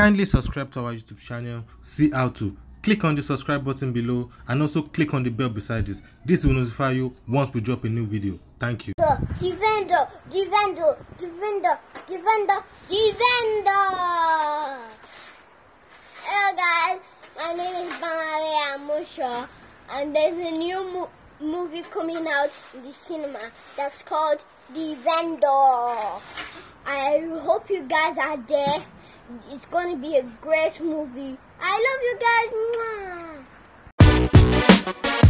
Kindly subscribe to our YouTube channel, see how to. Click on the subscribe button below and also click on the bell beside this. This will notify you once we drop a new video. Thank you. Divendo, Divendo, Hello guys, my name is Banale Musha, and there's a new mo movie coming out in the cinema that's called The Vendor. I hope you guys are there. It's gonna be a great movie. I love you guys. Mwah.